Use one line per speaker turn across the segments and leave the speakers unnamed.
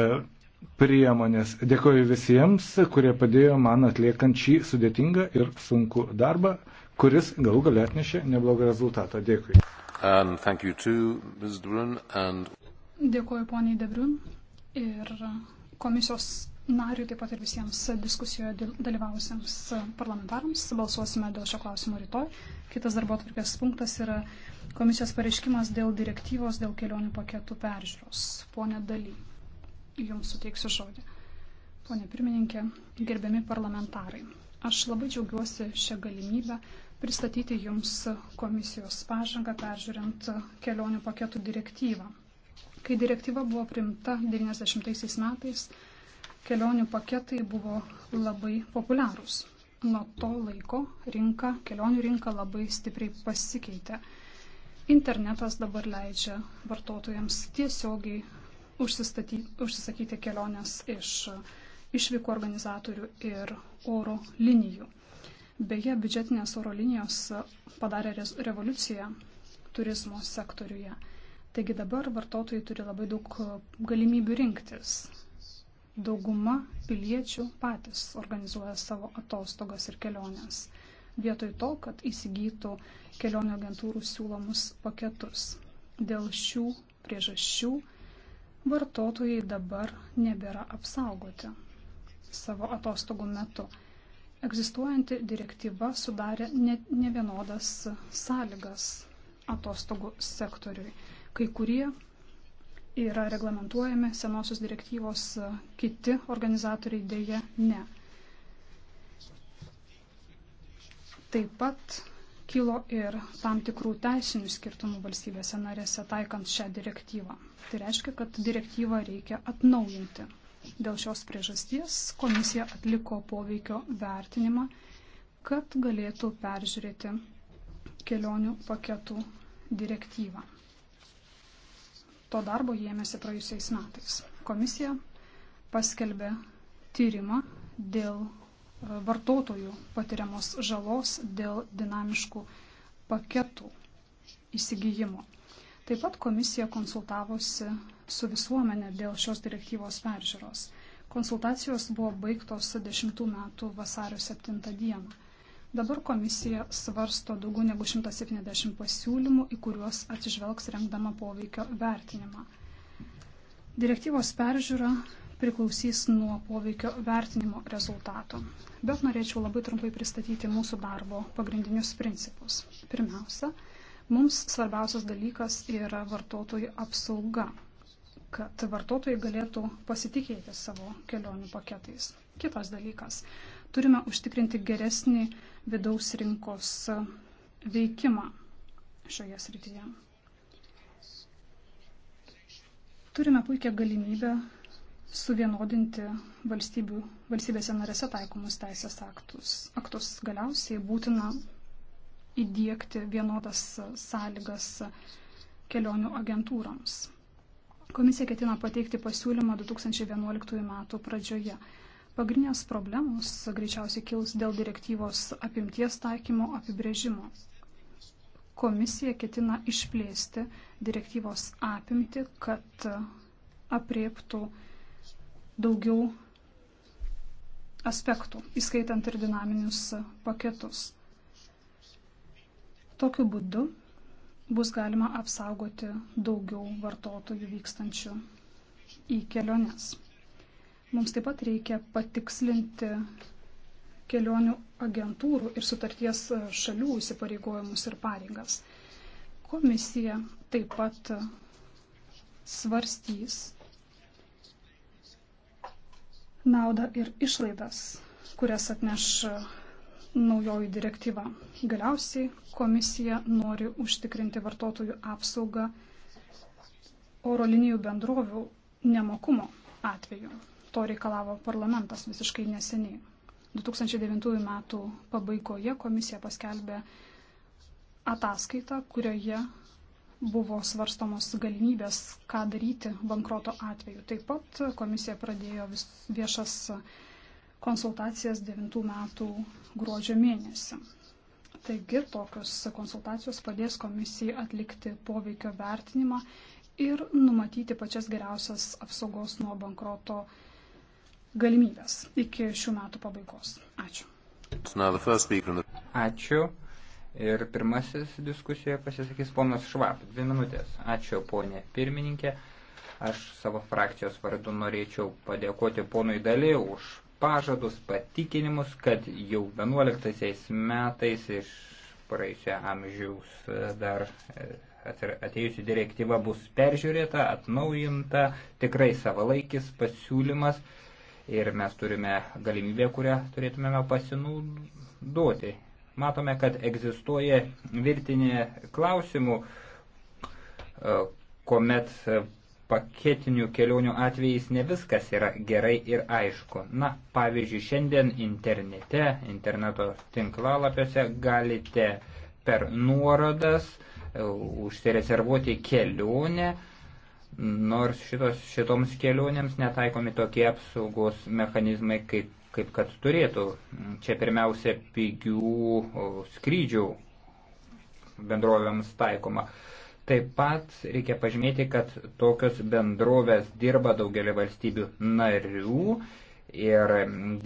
E, priemonės. Dėkoju visiems, kurie padėjo man atliekant šį sudėtingą ir sunku darbą, kuris galų galę atnešė neblogą rezultatą. Dėkui.
Too, Brun, and...
Dėkoju poniai Debrun ir komisijos nariui, taip pat ir visiems diskusijoje dalyvausiams parlamentarams. Balsuosime dėl šio klausimo rytoj. Kitas darbo atvarkės punktas yra komisijos pareiškimas dėl direktyvos dėl kelionių paketų peržiūros. Pone Daly. Jums suteiksiu žodį. Pone pirmininkė, gerbiami parlamentarai, aš labai džiaugiuosi šią galimybę pristatyti Jums komisijos pažangą peržiūrint kelionių paketų direktyvą. Kai direktyva buvo primta 90 metais, kelionių paketai buvo labai populiarūs. Nuo to laiko rinka, kelionių rinka labai stipriai pasikeitė. Internetas dabar leidžia vartotojams tiesiogiai užsisakyti keliones iš e, išvykų organizatorių ir oro linijų. Beje, biudžetinės oro linijos e, padarė revoliuciją turizmo sektoriuje. Taigi dabar vartotojai turi labai daug e, galimybių rinktis. Dauguma piliečių patys organizuoja savo atostogas ir keliones, vietoj to, kad įsigytų kelionių agentūrų siūlomus paketus. Dėl šių priežasčių vartotojai dabar nebėra apsaugoti savo atostogų metu. Egzistuojanti direktyva sudarė nevienodas sąlygas atostogų sektoriui. Kai kurie yra reglamentuojami senosios direktyvos, kiti organizatoriai dėja ne. Taip pat kilo ir tam tikrų teisinių skirtumų valstybėse narėse taikant šią direktyvą. Tai reiškia, kad direktyvą reikia atnaujinti. Dėl šios priežasties komisija atliko poveikio vertinimą, kad galėtų peržiūrėti kelionių paketų direktyvą. To darbo jėmėsi praėjusiais metais. Komisija paskelbė tyrimą dėl vartotojų patiriamos žalos dėl dinamiškų paketų įsigijimo. Taip pat komisija konsultavosi su visuomenė dėl šios direktyvos peržiūros. Konsultacijos buvo baigtos 10 metų vasario 7 dieną. Dabar komisija svarsto daugiau negu 170 pasiūlymų, į kuriuos atsižvelgs rengdama poveikio vertinimą. Direktyvos peržiūra priklausys nuo poveikio vertinimo rezultato. Bet norėčiau labai trumpai pristatyti mūsų darbo pagrindinius principus. Pirmiausia, mums svarbiausias dalykas yra vartotojų apsauga, kad vartotojai galėtų pasitikėti savo kelionių paketais. Kitas dalykas, turime užtikrinti geresnį vidaus rinkos veikimą šioje srityje. Turime puikią galimybę suvienodinti valstybėse narėse taikomus teisės aktus. aktus. Galiausiai būtina įdėkti vienodas sąlygas kelionių agentūrams. Komisija ketina pateikti pasiūlymą 2011 m. pradžioje. Pagrindinės problemos greičiausiai kils dėl direktyvos apimties taikymo apibrėžimo. Komisija ketina išplėsti direktyvos apimti, kad apriektų daugiau aspektų, įskaitant ir dinaminius paketus. Tokiu būdu bus galima apsaugoti daugiau vartotojų vykstančių į keliones. Mums taip pat reikia patikslinti kelionių agentūrų ir sutarties šalių įsipareigojimus ir pareigas. Komisija taip pat svarstys naudą ir išlaidas, kurias atneš e, naujoji direktyva. Galiausiai komisija nori užtikrinti vartotojų apsaugą oro linijų bendrovių nemokumo atveju. To reikalavo parlamentas visiškai neseniai. 2009 metų pabaigoje komisija paskelbė ataskaitą, kurioje buvo svarstomos galimybės, ką daryti bankroto atveju. Taip pat komisija pradėjo vis, viešas konsultacijas 9 metų gruodžio mėnesį. Taigi tokios konsultacijos padės komisijai atlikti poveikio vertinimą ir numatyti pačias geriausias apsaugos nuo bankroto galimybės iki šių metų pabaigos. Ačiū.
Ačiū. Ir pirmasis diskusijoje pasisakys ponas Švab. Dvi minutės. Ačiū, ponė pirmininkė. Aš savo frakcijos vardu norėčiau padėkoti ponui Dali už pažadus, patikinimus, kad jau 11 metais iš praeisio amžiaus dar e, atėjusi direktyva bus peržiūrėta, atnaujinta, tikrai savalaikis pasiūlymas ir mes turime galimybę, kurią turėtumėme pasinaudoti matome, kad egzistuoja virtinė klausimų, e, kuomet e, paketinių kelionių atvejais ne viskas yra gerai ir aišku. Na, pavyzdžiui, šiandien internete, interneto tinklalapiuose galite per nuorodas e, užsirezervuoti kelionę, nors šitos, šitoms kelionėms netaikomi tokie apsaugos mechanizmai kaip kaip kad turėtų. Čia pirmiausia pigių skrydžių bendrovėms taikoma. Taip pat reikia pažymėti, kad tokios bendrovės dirba daugelį valstybių narių ir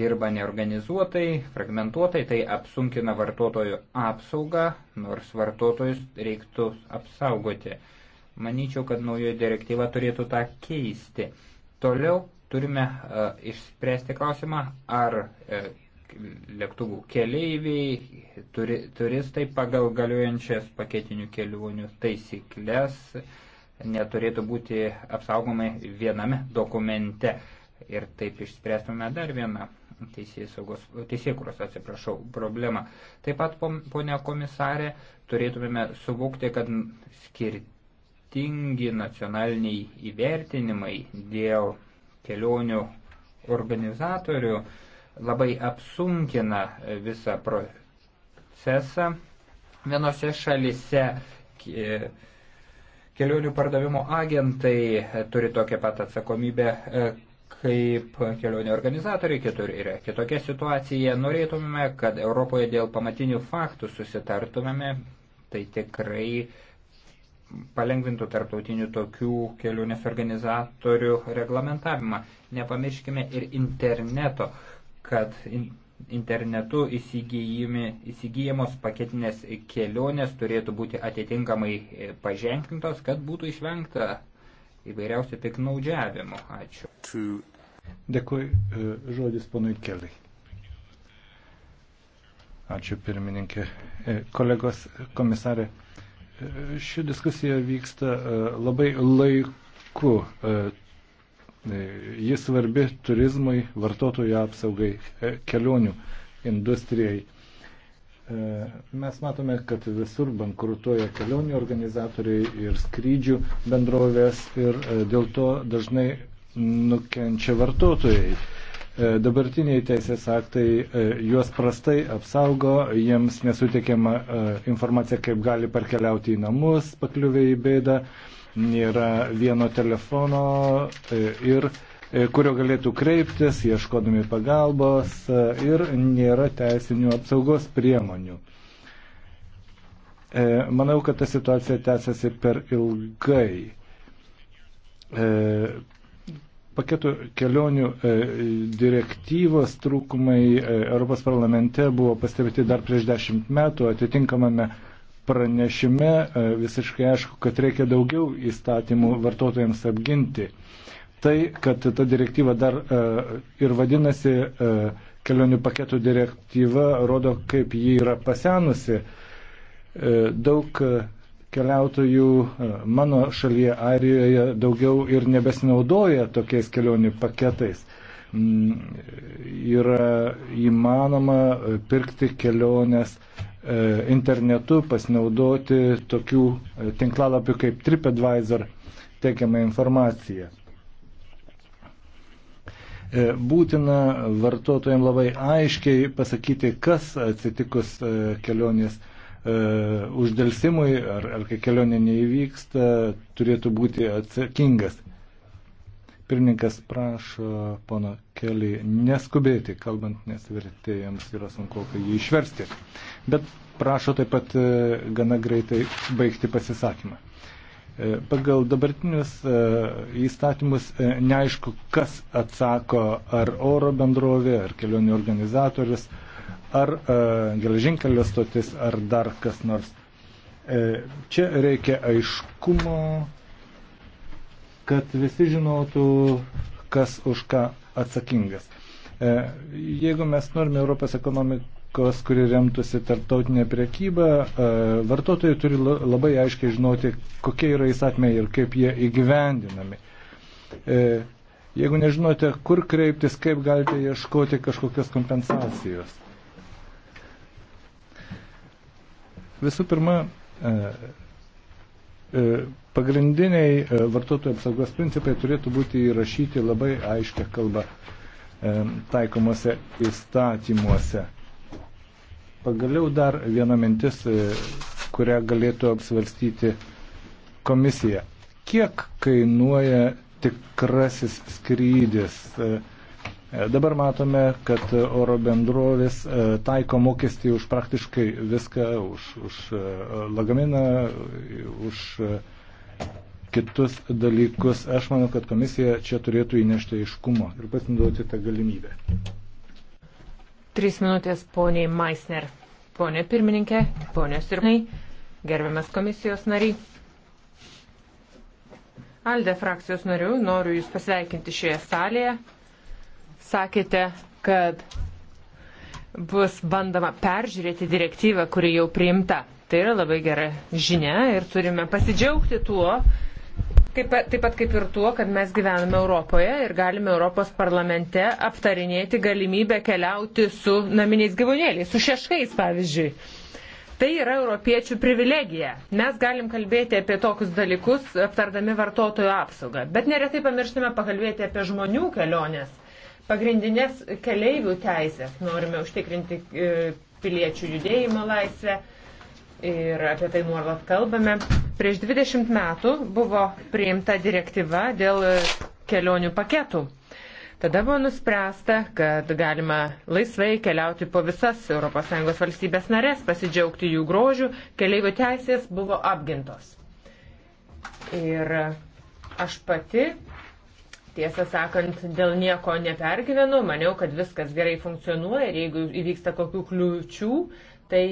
dirba neorganizuotai, fragmentuotai, tai apsunkina vartotojų apsaugą, nors vartotojus reiktų apsaugoti. Manyčiau, kad naujoji direktyva turėtų tą keisti. Toliau Turime e, išspręsti klausimą, ar e, lėktuvų keleiviai, turi, turistai pagal galiojančias paketinių kelionių taisyklės neturėtų būti apsaugomai viename dokumente. Ir taip išspręstume dar vieną teisėkuros atsiprašau, problemą. Taip pat, ponia komisarė, turėtumėme suvokti, kad skirtingi nacionaliniai įvertinimai dėl kelionių organizatorių labai apsunkina visą procesą. Vienose šalise e, kelionių pardavimo agentai e, turi tokią pat atsakomybę e, kaip kelionių organizatoriai, kitur yra kitokia situacija. Norėtumėme, kad Europoje dėl pamatinių faktų susitartumėme, tai tikrai uh, palengvintų tarptautinių tokių kelionės organizatorių reglamentavimą. Nepamirškime ir interneto, kad internetu įsigijamos paketinės kelionės turėtų būti atitinkamai e, paženklintos, kad būtų išvengta įvairiausių piknaudžiavimų. Ačiū.
Dėkui. E, žodis panui Keliai. Ačiū pirmininkė. E, kolegos komisarė. Ši diskusija vyksta e, labai laiku. E, e, Jis svarbi turizmui, vartotojų apsaugai, kelionių industrijai. Mes matome, kad visur bankrutuoja kelionių organizatoriai ir skrydžių bendrovės ir dėl to dažnai nukenčia vartotojai. E, dabartiniai teisės aktai e, juos prastai apsaugo, jiems nesuteikiama e, informacija, kaip gali parkeliauti į namus, pakliuvę į bėdą, nėra vieno telefono ir kurio galėtų kreiptis, ieškodami pagalbos ir nėra teisinių apsaugos priemonių. Manau, kad ta situacija tęsiasi per ilgai paketų kelionių e, direktyvos trūkumai e, Europos parlamente buvo pastebėti dar prieš dešimt metų atitinkamame pranešime e, visiškai aišku, kad reikia daugiau įstatymų vartotojams apginti. Tai, kad ta direktyva dar ir vadinasi kelionių paketų direktyva, rodo, kaip ji yra pasenusi. Daug keliautojų e, mano šalyje Airijoje daugiau ir nebesinaudoja tokiais kelionių paketais. Mm, yra įmanoma e, pirkti keliones e, internetu, pasinaudoti tokių tinklalapių kaip TripAdvisor teikiamą informaciją. Būtina vartotojams labai aiškiai pasakyti, kas atsitikus kelionės E, uždėlsimui ar, ar kai kelionė neįvyksta, turėtų būti atsakingas. Pirmininkas prašo pono Kelį neskubėti, kalbant, nes vertėjams yra sunku jį išversti. Bet prašo taip pat e, gana greitai baigti pasisakymą. E, pagal dabartinius įstatymus neaišku, kas atsako ar oro bendrovė, ar kelionių organizatorius, ar e, geležinkelio stotis, ar dar kas nors. E, čia reikia aiškumo, kad visi žinotų, kas už ką atsakingas. E, jeigu mes norime Europos ekonomikos, kuri remtųsi tarptautinė priekyba, vartotojai turi labai aiškiai žinoti, kokie yra įsakmė ir kaip jie įgyvendinami. Jeigu nežinote, kur kreiptis, kaip galite ieškoti kažkokios kompensacijos. Visų pirma, e, e, pagrindiniai e, vartotojų apsaugos principai turėtų būti įrašyti labai aiškia kalba taikomose įstatymuose. Pagaliau dar viena mintis, kurią galėtų apsvarstyti komisija. Kiek kainuoja tikrasis skrydis? E, E, dabar matome, kad oro bendrovės e, taiko mokestį už praktiškai viską, už, už e, lagaminą, už kitus dalykus. Aš manau, kad komisija čia turėtų įnešti aiškumo ir pasinaudoti tą galimybę.
Trys minutės poniai Maisner. Pone pirmininkė, ponios ir nai, gerbiamas komisijos nariai. Alde frakcijos narių, noriu Jūs pasveikinti šioje salėje sakėte, kad bus bandoma peržiūrėti direktyvą, kuri jau priimta. Tai yra labai gera žinia ir turime pasidžiaugti tuo, kaip, taip pat kaip ir tuo, kad mes gyvename Europoje ir galime Europos parlamente aptarinėti galimybę keliauti su naminiais gyvūnėliais, su šeškais pavyzdžiui. Tai yra europiečių privilegija. Mes galim kalbėti apie tokius dalykus, aptardami vartotojų apsaugą, bet neretai pamirštame pakalbėti apie žmonių keliones pagrindinės keleivių teisės. Norime užtikrinti e, piliečių judėjimo laisvę ir apie tai nuolat kalbame. Prieš 20 metų buvo priimta direktyva dėl e, kelionių paketų. Tada buvo nuspręsta, kad galima laisvai keliauti po visas ES valstybės narės, pasidžiaugti jų grožių, keleivių teisės buvo apgintos. Ir aš pati Tiesą sakant, dėl nieko nepergyvenu, maniau, kad viskas gerai funkcionuoja ir jeigu įvyksta kokių kliūčių, tai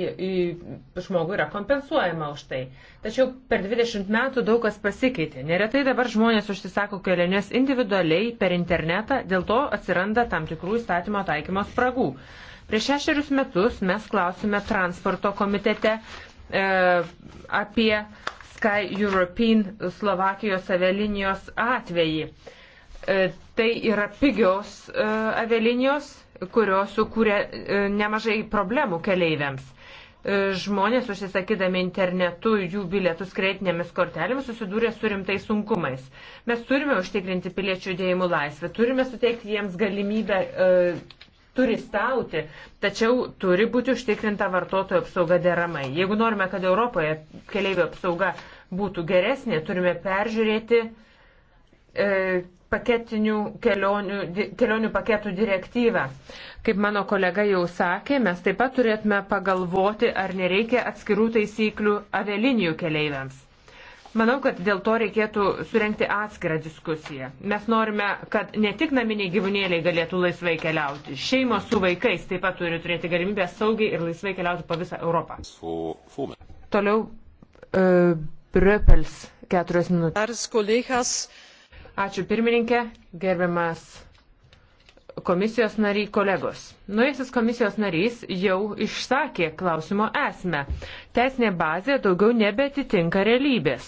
žmogui yra kompensuojama už tai. Tačiau per 20 metų daug kas pasikeitė. Neretai dabar žmonės užsisako keliones individualiai per internetą, dėl to atsiranda tam tikrų įstatymo taikymo spragų. Prieš šešerius metus mes klausime transporto komitete e, apie Sky European Slovakijos avialinijos atvejį. E, tai yra pigios e, avialinijos, kurios sukūrė e, nemažai problemų keleiviams žmonės užsisakydami internetu jų bilietus kreitinėmis kortelėmis susidūrė su rimtais sunkumais. Mes turime užtikrinti piliečių judėjimų laisvę, turime suteikti jiems galimybę e, turistauti, tačiau turi būti užtikrinta vartotojų apsauga deramai. Jeigu norime, kad Europoje keliaivių apsauga būtų geresnė, turime peržiūrėti e, E, paketinių kelionių, kelionių paketų direktyvą. Kaip mano kolega jau sakė, mes taip pat turėtume pagalvoti, ar nereikia atskirų taisyklių avialinijų keleiviams. Manau, kad dėl to reikėtų surenkti atskirą diskusiją. Mes norime, kad ne tik naminiai gyvūnėliai galėtų laisvai keliauti, šeimos su vaikais taip pat turi turėti galimybę saugiai ir laisvai keliauti po visą Europą. Toliau uh, Bröpels keturios minutės. Ačiū pirmininkė, gerbiamas komisijos nariai kolegos. Nuėsis komisijos narys jau išsakė klausimo esmę. Teisinė bazė daugiau nebetitinka realybės.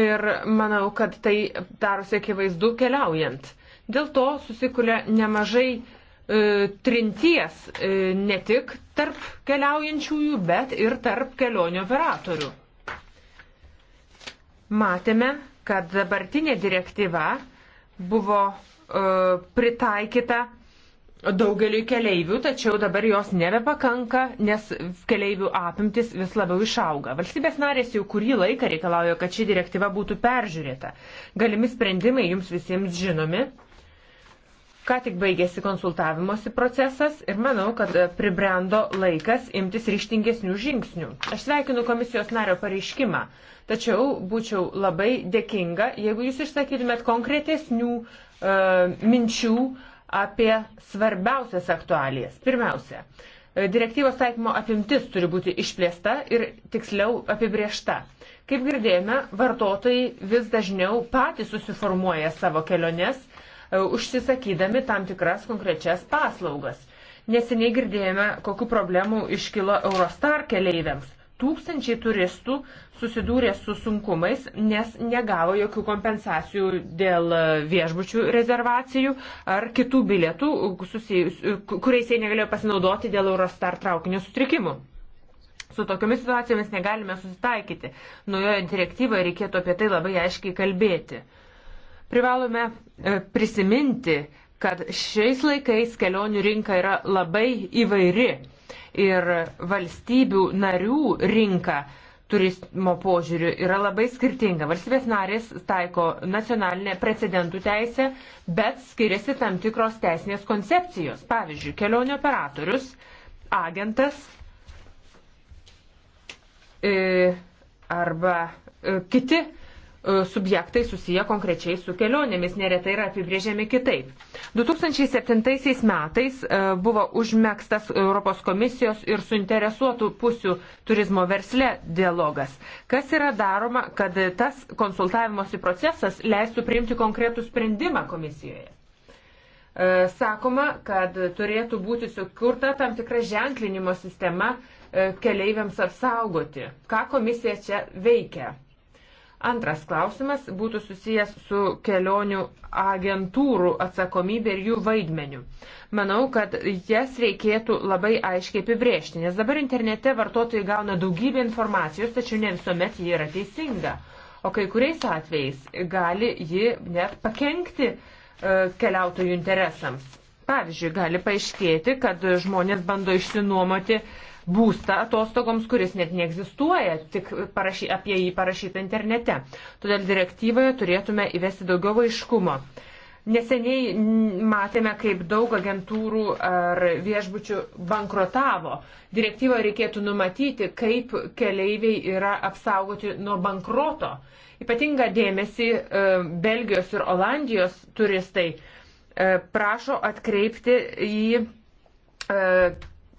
Ir manau, kad tai darosi akivaizdu keliaujant. Dėl to susikuria nemažai e, trinties e, ne tik tarp keliaujančiųjų, bet ir tarp kelionių operatorių matėme, kad dabartinė direktyva buvo e, pritaikyta daugeliu keleivių, tačiau dabar jos nebepakanka, nes keleivių apimtis vis labiau išauga. Valstybės narės jau kurį laiką reikalauja, kad ši direktyva būtų peržiūrėta. Galimi sprendimai jums visiems žinomi. Ką tik baigėsi konsultavimosi procesas ir manau, kad e, pribrendo laikas imtis ryštingesnių žingsnių. Aš sveikinu komisijos nario pareiškimą, tačiau būčiau labai dėkinga, jeigu jūs išsakytumėt konkretesnių e, minčių apie svarbiausias aktualijas. Pirmiausia, e, direktyvos taikymo apimtis turi būti išplėsta ir tiksliau apibriešta. Kaip girdėjome, vartotojai vis dažniau patys susiformuoja savo keliones E, užsisakydami tam tikras konkrečias paslaugas. Neseniai girdėjome, kokiu problemu iškilo Eurostar keleiviams. Tūkstančiai turistų susidūrė su sunkumais, nes negavo jokių kompensacijų dėl viešbučių rezervacijų ar kitų bilietų, susijus, kuriais jie negalėjo pasinaudoti dėl Eurostar traukinio sutrikimų. Su tokiomis situacijomis negalime susitaikyti. Naujoje direktyvoje reikėtų apie tai labai aiškiai kalbėti. Privalome E, prisiminti, kad šiais laikais kelionių rinka yra labai įvairi ir valstybių narių rinka turismo požiūriu yra labai skirtinga. Valstybės narės taiko nacionalinę precedentų teisę, bet skiriasi tam tikros teisinės koncepcijos. Pavyzdžiui, kelionių operatorius, agentas e, arba e, kiti E, subjektai susiję konkrečiai su kelionėmis, neretai yra apibrėžiami kitaip. 2007 metais e, buvo užmėgstas Europos komisijos ir suinteresuotų pusių turizmo versle dialogas. Kas yra daroma, kad tas konsultavimosi procesas leistų priimti konkretų sprendimą komisijoje? E, sakoma, kad turėtų būti sukurta tam tikra ženklinimo sistema keleiviams apsaugoti. Ką komisija čia veikia? Antras klausimas būtų susijęs su kelionių agentūrų atsakomybė ir jų vaidmeniu. Manau, kad jas reikėtų labai aiškiai apibrėžti, nes dabar internete vartotojai gauna daugybę informacijos, tačiau ne visuomet ji yra teisinga. O kai kuriais atvejais gali ji net pakengti e, keliautojų interesams. Pavyzdžiui, gali paaiškėti, kad žmonės bando išsinuomoti e, būstą atostogoms, kuris net neegzistuoja, tik parašy, apie jį parašyta internete. Todėl direktyvoje turėtume įvesti daugiau aiškumo. Neseniai matėme, kaip daug agentūrų ar viešbučių bankrotavo. Direktyvoje reikėtų numatyti, kaip keleiviai yra apsaugoti nuo bankroto. Ypatinga dėmesį e, Belgijos ir Olandijos turistai e, prašo atkreipti į e,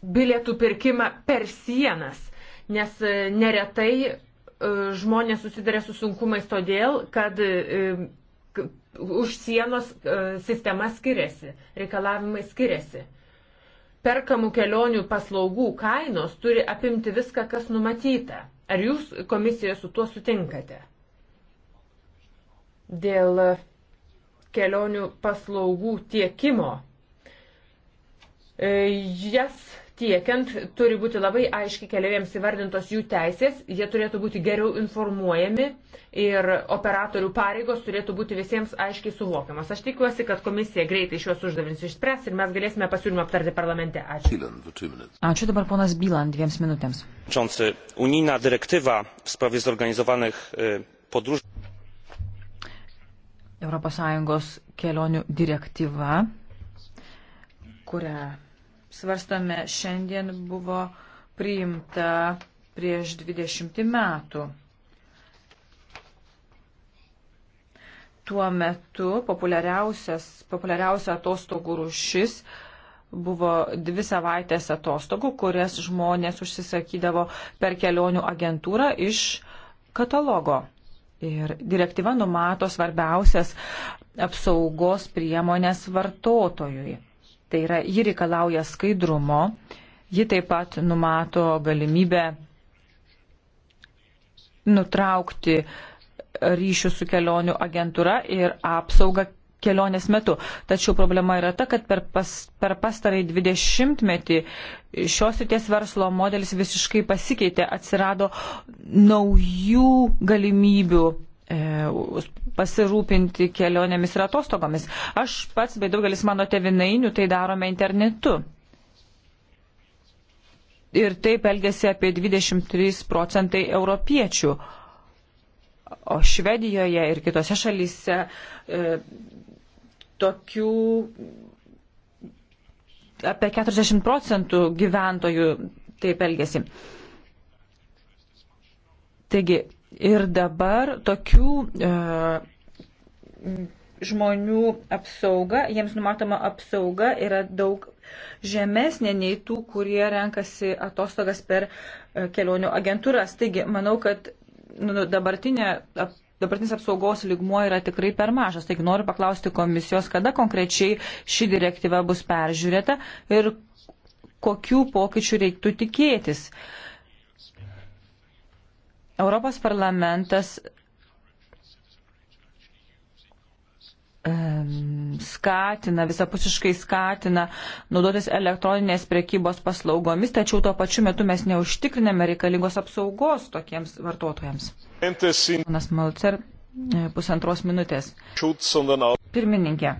bilietų pirkimą per sienas, nes e, neretai e, žmonės susiduria su sunkumais todėl, kad e, už sienos sistema skiriasi, reikalavimai skiriasi. Perkamų kelionių paslaugų kainos turi apimti viską, kas numatyta. Ar jūs komisijoje su tuo sutinkate? Dėl kelionių paslaugų tiekimo. Jas tiekiant turi būti labai aiškiai keliaujams įvardintos jų teisės, jie turėtų būti geriau informuojami ir operatorių pareigos turėtų būti visiems aiškiai suvokiamas. Aš tikiuosi, kad komisija greitai šios uždavinius išspręs ir mes galėsime pasiūlymą aptarti
parlamente. Ačiū. Ačiū dabar ponas Bylan dviems minutėms.
Unijna direktyva w sprawie zorganizowanych podróży.
Europos Sąjungos kelionių direktyva, kurią svarstome šiandien, buvo priimta prieš 20 metų. Tuo metu populiariausia atostogų rušis buvo dvi savaitės atostogų, kurias žmonės užsisakydavo per kelionių agentūrą iš katalogo. Ir direktyva numato svarbiausias apsaugos priemonės vartotojui. Tai yra, ji reikalauja skaidrumo, ji taip pat numato galimybę nutraukti ryšių su kelionių agentūra ir apsaugą kelionės metu. Tačiau problema yra ta, kad per, pas, per pastarąjį 20-metį šios ryties verslo modelis visiškai pasikeitė, atsirado naujų galimybių E, pasirūpinti kelionėmis ir atostogomis. Aš pats bei daugelis mano tevinainių tai darome internetu. Ir taip elgesi apie 23 procentai europiečių. O Švedijoje ir kitose šalyse e, tokių apie 40 procentų gyventojų taip elgesi. Taigi, Ir dabar tokių e, žmonių apsauga, jiems numatoma apsauga yra daug žemesnė nei tų, kurie renkasi atostogas per e, kelionių agentūras. Taigi, manau, kad nu, nu, dabartinė, ap, dabartinis apsaugos lygmuo yra tikrai per mažas. Taigi, noriu paklausti komisijos, kada konkrečiai ši direktyva bus peržiūrėta ir kokių pokyčių reiktų tikėtis. Uh, Europos parlamentas skatina, visapusiškai skatina naudotis elektroninės priekybos paslaugomis, tačiau tuo pačiu metu mes neužtikriname reikalingos apsaugos tokiems vartotojams.
Panas
Malcer, e, pusantros minutės. Pirmininkė,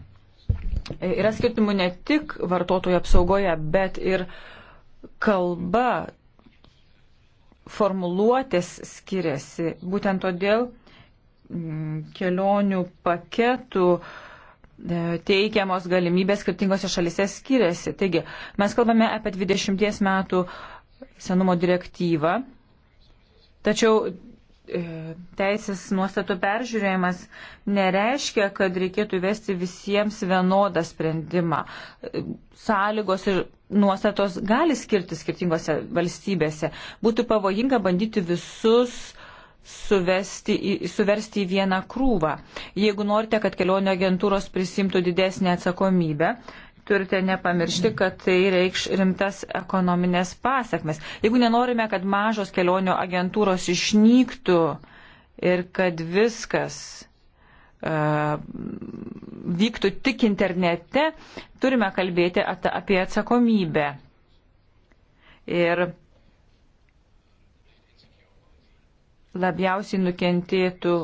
e, yra skirtumų ne tik vartotojų apsaugoje, bet ir kalba formuluotės skiriasi. Būtent todėl mm, kelionių paketų e, teikiamos galimybės skirtingose šalise skiriasi. Taigi, mes kalbame apie 20 metų senumo direktyvą, tačiau E, teisės nuostatų peržiūrėjimas nereiškia, kad reikėtų vesti visiems vienodą sprendimą. Sąlygos ir nuostatos gali skirti skirtingose valstybėse. Būtų pavojinga bandyti visus suvesti, suversti į vieną krūvą. Jeigu norite, kad kelionio agentūros prisimtų didesnį atsakomybę, turite nepamiršti, kad tai reikš rimtas ekonominės pasiekmes. Jeigu nenorime, kad mažos kelionių agentūros išnyktų ir kad viskas uh, vyktų tik internete, turime kalbėti at apie atsakomybę. Ir labiausiai nukentėtų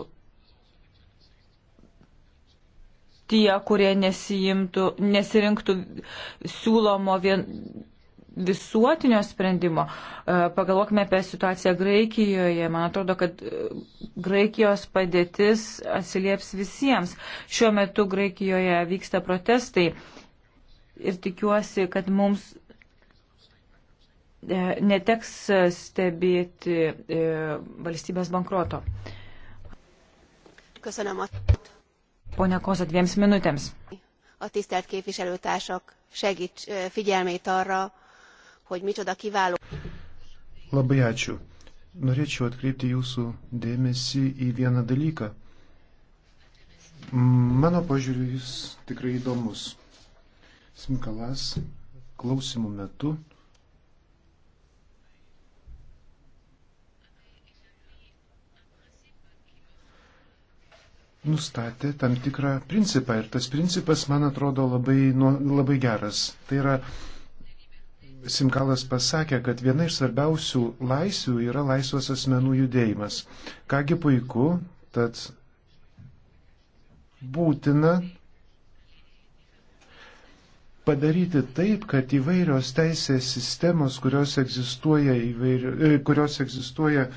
tie, kurie nesirinktų siūlomo vien, visuotinio sprendimo. E, pagalvokime apie situaciją Graikijoje. Man atrodo, kad e, Graikijos padėtis atsilieps visiems. Šiuo metu Graikijoje vyksta protestai ir tikiuosi, kad mums e, neteks stebėti valstybės bankroto. Köszönöm a Pone Kosa, dviems minutėms.
A tisztelt képviselőtársak segíts figyelmét
arra, hogy micsoda kiváló.
Labai ačiū. Norėčiau atkreipti jūsų dėmesį į vieną dalyką. Mano požiūriu jis tikrai įdomus. Smikalas klausimų metu nustatė tam tikrą principą ir tas principas, man atrodo, labai, nu, labai geras. Tai yra, Simkalas pasakė, kad viena iš svarbiausių laisvių yra laisvas asmenų judėjimas. Kągi puiku, tad būtina padaryti taip, kad įvairios teisės sistemos, kurios egzistuoja, įvairio, kurios egzistuoja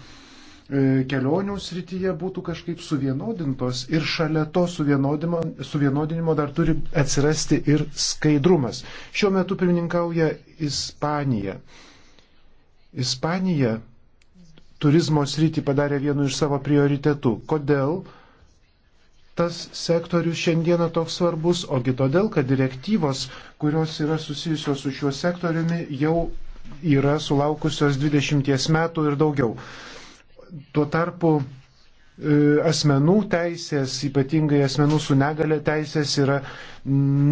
E, kelionių srityje būtų kažkaip suvienodintos ir šalia to suvienodinimo dar turi atsirasti ir skaidrumas. Šiuo metu pirmininkauja Ispanija. Ispanija turizmo sritį padarė vienu iš savo prioritetų. Kodėl tas sektorius šiandieną toks svarbus? Ogi todėl, kad direktyvos, kurios yra susijusios su šiuo sektoriumi, jau yra sulaukusios 20 metų ir daugiau. Tuo tarpu e, asmenų teisės, ypatingai asmenų su negale teisės yra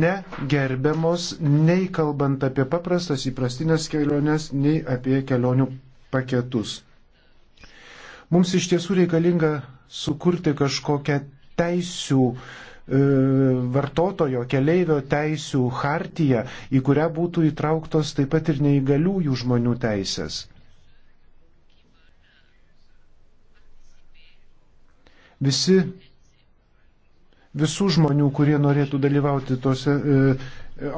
negerbiamos, nei kalbant apie paprastas įprastinės keliones, nei apie kelionių paketus. Mums iš tiesų reikalinga sukurti kažkokią teisų e, vartotojo keleivio teisų hartiją, į kurią būtų įtrauktos taip pat ir neįgaliųjų žmonių teisės. Visi, visų žmonių, kurie norėtų dalyvauti tose e,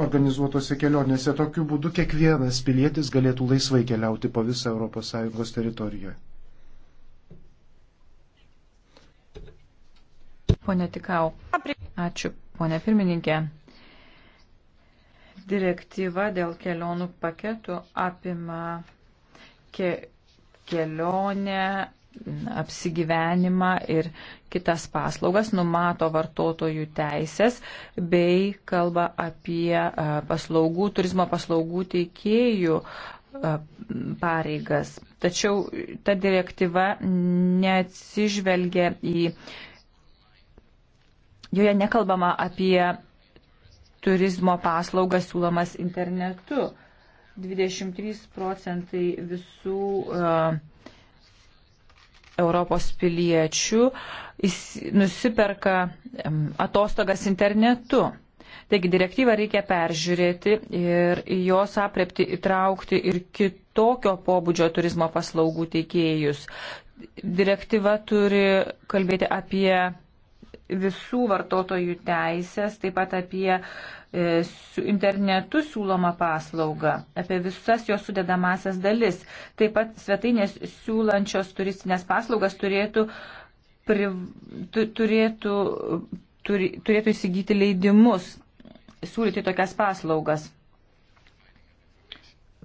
organizuotose kelionėse, tokiu būdu kiekvienas pilietis galėtų laisvai keliauti po visą ES teritoriją.
Pone Tikau, ačiū, ponė pirmininkė direktyva dėl kelionų paketų apima ke kelionę apsigyvenimą ir kitas paslaugas, numato vartotojų teisės bei kalba apie paslaugų, turizmo paslaugų teikėjų pareigas. Tačiau ta direktyva neatsižvelgia į, joje nekalbama apie turizmo paslaugas siūlomas internetu. 23 procentai visų uh, Europos piliečių nusiperka atostogas internetu. Taigi direktyvą reikia peržiūrėti ir jos aprepti įtraukti ir kitokio pobūdžio turizmo paslaugų teikėjus. Direktyva turi kalbėti apie visų vartotojų teisės, taip pat apie e, internetu siūlomą paslaugą, apie visas jos sudedamasias dalis. Taip pat svetainės siūlančios turistinės paslaugas turėtų, pri, tu, turėtų, turi, turėtų įsigyti leidimus siūlyti tokias paslaugas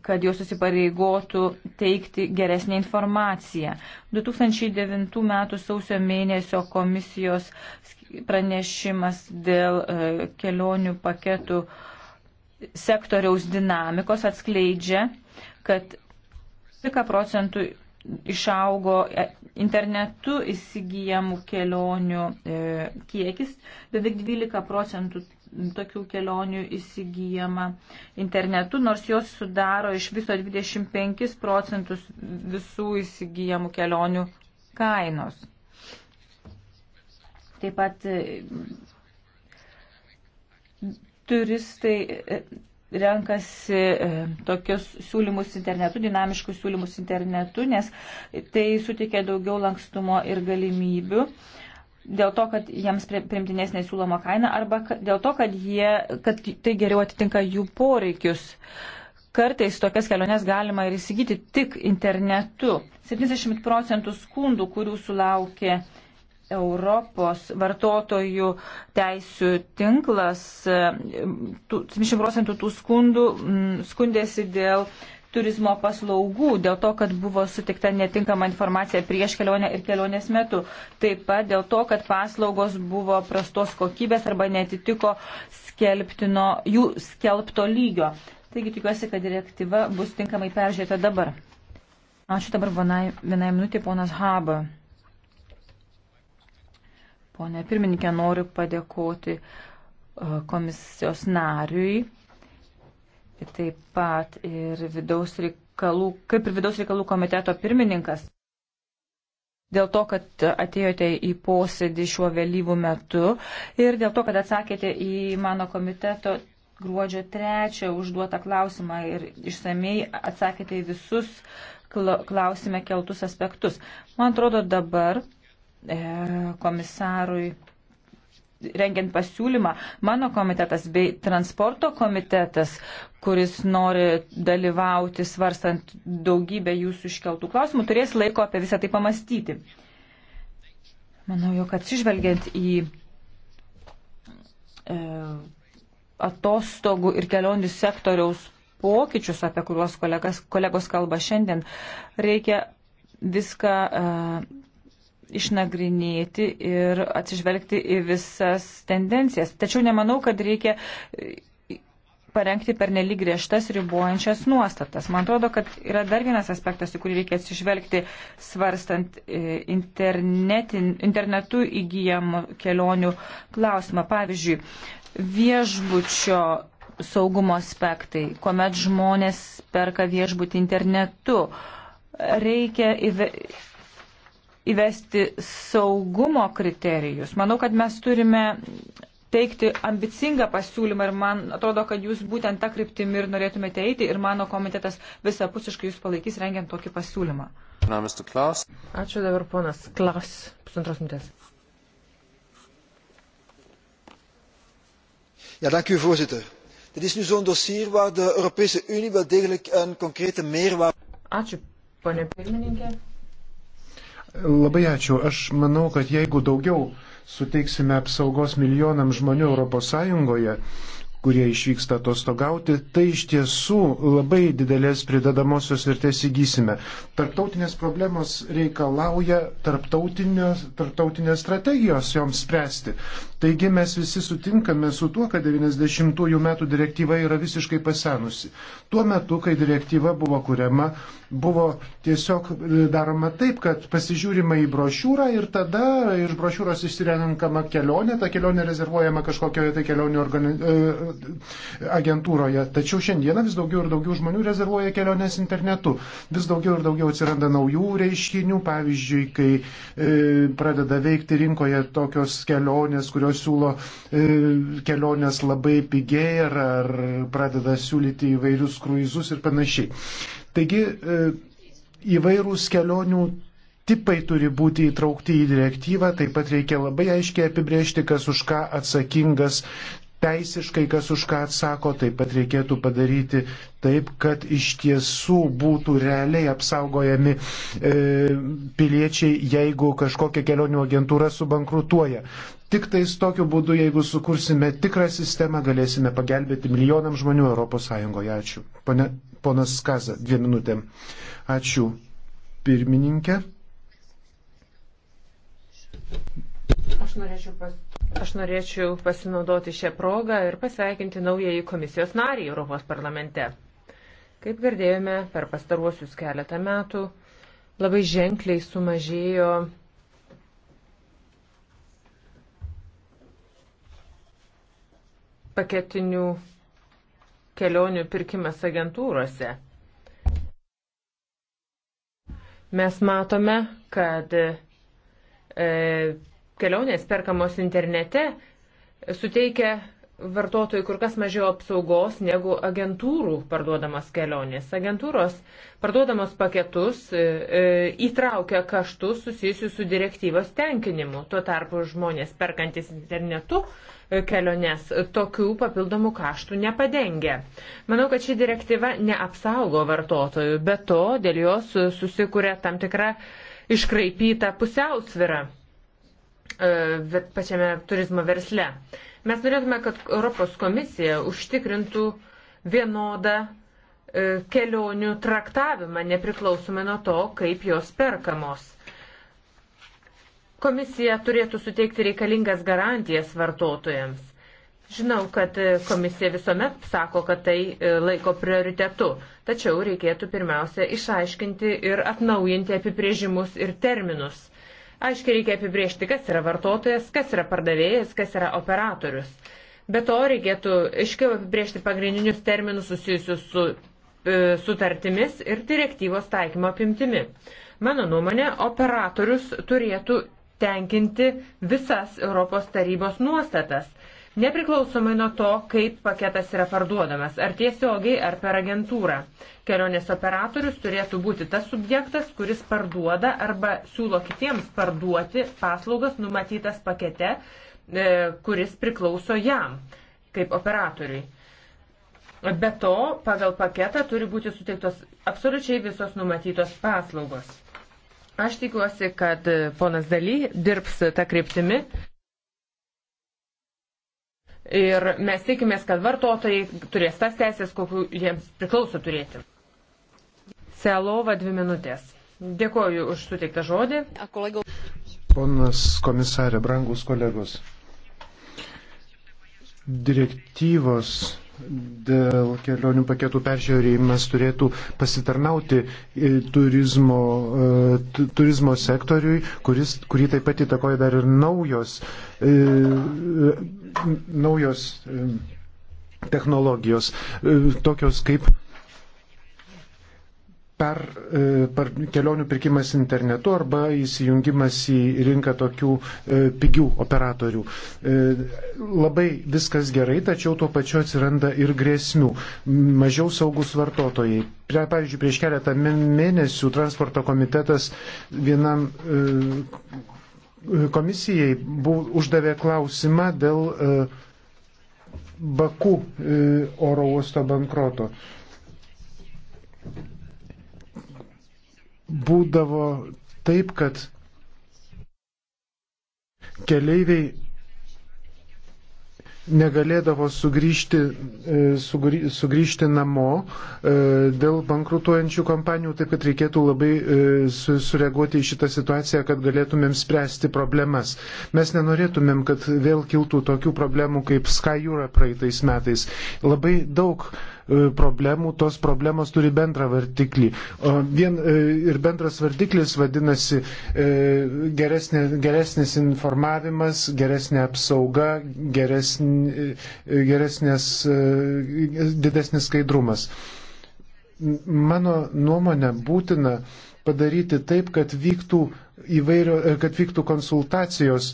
kad jos susipareigotų teikti geresnį informaciją. 2009 m. sausio mėnesio komisijos pranešimas dėl e, kelionių paketų sektoriaus dinamikos atskleidžia, kad 10 procentų išaugo e, internetu įsigijamų kelionių e, kiekis, beveik 12 procentų tokių kelionių įsigijama internetu, nors jos sudaro iš viso 25 procentus visų įsigijamų kelionių kainos. Taip pat e, turistai e, renkasi e, tokius siūlymus internetu, dinamiškus siūlymus internetu, nes tai suteikia daugiau lankstumo ir galimybių. Uh, dėl to, kad jiems primtinesnė siūloma kaina arba dėl to, kad, jie, kad tai geriau atitinka jų poreikius. Kartais tokias keliones galima ir įsigyti tik internetu. 70 procentų skundų, kurių sulaukė Europos vartotojų teisų tinklas, 70 procentų tų skundų skundėsi dėl uh, turizmo paslaugų dėl to, kad buvo sutikta netinkama informacija prieš kelionę ir kelionės metu. Taip pat dėl to, kad paslaugos buvo prastos kokybės arba netitiko skelbtino, jų skelbto lygio. Taigi tikiuosi, kad direktyva bus tinkamai peržiūrėta dabar. Ačiū dabar vienai, vienai minutė, ponas Haba. Pone pirmininkė, noriu padėkoti e, komisijos nariui taip pat ir vidaus reikalų, kaip ir vidaus reikalų komiteto pirmininkas. Dėl to, kad atėjote į posėdį šiuo vėlyvų metu ir dėl to, kad atsakėte į mano komiteto gruodžio trečią užduotą klausimą ir išsamei atsakėte į visus klausime keltus aspektus. Man atrodo, dabar e, komisarui rengiant pasiūlymą, mano komitetas bei transporto komitetas, kuris nori dalyvauti svarstant daugybę jūsų iškeltų klausimų, turės laiko apie visą tai pamastyti. Manau, jog atsižvelgiant į e, atostogų ir kelionių sektoriaus pokyčius, apie kuriuos kolegas, kolegos kalba šiandien, reikia viską e, išnagrinėti ir atsižvelgti į visas tendencijas. Tačiau nemanau, kad reikia e, parengti per nelyg griežtas ribojančias nuostatas. Man atrodo, kad yra dar vienas aspektas, į kurį reikia atsižvelgti, svarstant e, internetu įgyjamų kelionių klausimą. Pavyzdžiui, viešbučio saugumo aspektai, kuomet žmonės perka viešbutį internetu. Reikia įve įvesti saugumo kriterijus. Manau, kad mes turime teikti ambicingą pasiūlymą ir man atrodo, kad jūs būtent tą kryptimį ir norėtumėte eiti ir mano komitetas visapusiškai jūs palaikys rengiant tokį pasiūlymą.
Ačiū
dabar ponas Klas, pusantros minutės.
Ja, dank u voorzitter. Dit is nu zo'n dossier waar de Europese Unie wel degelijk een concrete meerwaarde. Ačiū, ponė pirmininkė.
Labai ačiū. Aš manau, kad jeigu daugiau suteiksime apsaugos milijonam žmonių ES, kurie išvyksta atostogauti, tai iš tiesų labai didelės pridedamosios vertės įgysime. Tarptautinės problemos reikalauja tarptautinės strategijos joms spręsti. Taigi mes visi sutinkame su tuo, kad 90-ųjų metų direktyva yra visiškai pasenusi. Tuo metu, kai direktyva buvo kuriama, buvo tiesiog e, daroma taip, kad pasižiūrima į brošiūrą ir tada iš brošiūros išsirenkama kelionė, ta kelionė rezervuojama kažkokioje tai kelionių organi... E, agentūroje. Tačiau šiandieną vis daugiau ir daugiau žmonių rezervuoja keliones internetu. Vis daugiau ir daugiau atsiranda naujų reiškinių, pavyzdžiui, kai e, pradeda veikti rinkoje tokios kelionės, kurios siūlo e, keliones labai pigiai ar, ar pradeda siūlyti įvairius kruizus ir panašiai. Taigi e, įvairūs kelionių tipai turi būti įtraukti į direktyvą, taip pat reikia labai aiškiai apibriežti, kas už ką atsakingas teisiškai, kas už ką atsako, taip pat reikėtų padaryti taip, kad iš tiesų būtų realiai apsaugojami e, piliečiai, jeigu kažkokia kelionių agentūra subankrutuoja. Tik tais tokiu būdu, jeigu sukursime tikrą sistemą, galėsime pagelbėti milijonam žmonių ES. Ačiū. Pane Ponas Kaza, dviem minutėm. Ačiū pirmininkė.
Aš norėčiau, pas, aš norėčiau pasinaudoti šią progą ir pasveikinti naująjį komisijos narį Europos parlamente. Kaip girdėjome, per pastaruosius keletą metų labai ženkliai sumažėjo paketinių kelionių pirkimas agentūrose. Mes matome, kad e, kelionės perkamos internete suteikia vartotojai kur kas mažiau apsaugos negu agentūrų parduodamas kelionės. Agentūros parduodamos paketus e, e, įtraukia kaštus susijusius su direktyvos tenkinimu. Tuo tarpu žmonės perkantis internetu e, keliones tokių papildomų kaštų nepadengia. Manau, kad ši direktyva neapsaugo vartotojų, bet to dėl jos susikuria tam tikra iškraipyta pusiausvira e, pačiame turizmo versle. Mes norėtume, kad Europos komisija užtikrintų vienodą e, kelionių traktavimą, nepriklausomai nuo to, kaip jos perkamos. Komisija turėtų suteikti reikalingas garantijas vartotojams. Žinau, kad e, komisija visuomet sako, kad tai e, laiko prioritetu, tačiau reikėtų pirmiausia išaiškinti ir atnaujinti apibrėžimus ir terminus. Aiškiai reikia apibriežti, kas yra vartotojas, kas yra pardavėjas, kas yra operatorius. Be to reikėtų aiškiau apibriežti pagrindinius terminus susijusius su e, sutartimis ir direktyvos taikymo apimtimi. Mano nuomonė, operatorius turėtų tenkinti visas Europos tarybos nuostatas nepriklausomai nuo to, kaip paketas yra parduodamas, ar tiesiogiai, ar per agentūrą. Kelionės operatorius turėtų būti tas subjektas, kuris parduoda arba siūlo kitiems parduoti paslaugas numatytas pakete, e, kuris priklauso jam kaip operatoriui. Be to, pagal paketą turi būti suteiktos absoliučiai visos numatytos paslaugos. Aš tikiuosi, kad e, ponas Daly dirbs tą kryptimį ir mes tikimės, kad vartotojai turės tas teisės, kokiu jiems priklauso turėti. Selova dvi minutės. Dėkoju už suteiktą žodį.
Ponas komisarė, brangus kolegos. Direktyvos dėl kelionių paketų peržiūrėjimas turėtų pasitarnauti e, turizmo, e, turizmo sektoriui, kuris, kurį taip pat įtakoja dar ir naujos, e, naujos technologijos, tokios kaip per, e, per kelionių pirkimas internetu arba įsijungimas į rinką tokių e, pigių operatorių. E, labai viskas gerai, tačiau tuo pačiu atsiranda ir grėsmių. Mažiau saugus vartotojai. Prie, pavyzdžiui, prieš keletą mėnesių transporto komitetas vienam e, komisijai buv, uždavė klausimą dėl e, Baku e, oro uosto bankroto. E, būdavo taip, kad keleiviai negalėdavo sugrįžti, e, sugrį, sugrįžti namo e, dėl bankrutuojančių kompanijų, taip kad reikėtų labai e, sureaguoti į šitą situaciją, kad galėtumėm spręsti problemas. Mes nenorėtumėm, kad vėl kiltų tokių problemų kaip Sky Europe praeitais metais. Labai daug E, problemų, tos problemos turi bendrą vartiklį. O vien, e, ir bendras vartiklis vadinasi e, geresnė, geresnis informavimas, geresnė apsauga, geresnė, geresnės, didesnis skaidrumas. Mano nuomonė būtina padaryti taip, kad vyktų, įvairio, kad vyktų konsultacijos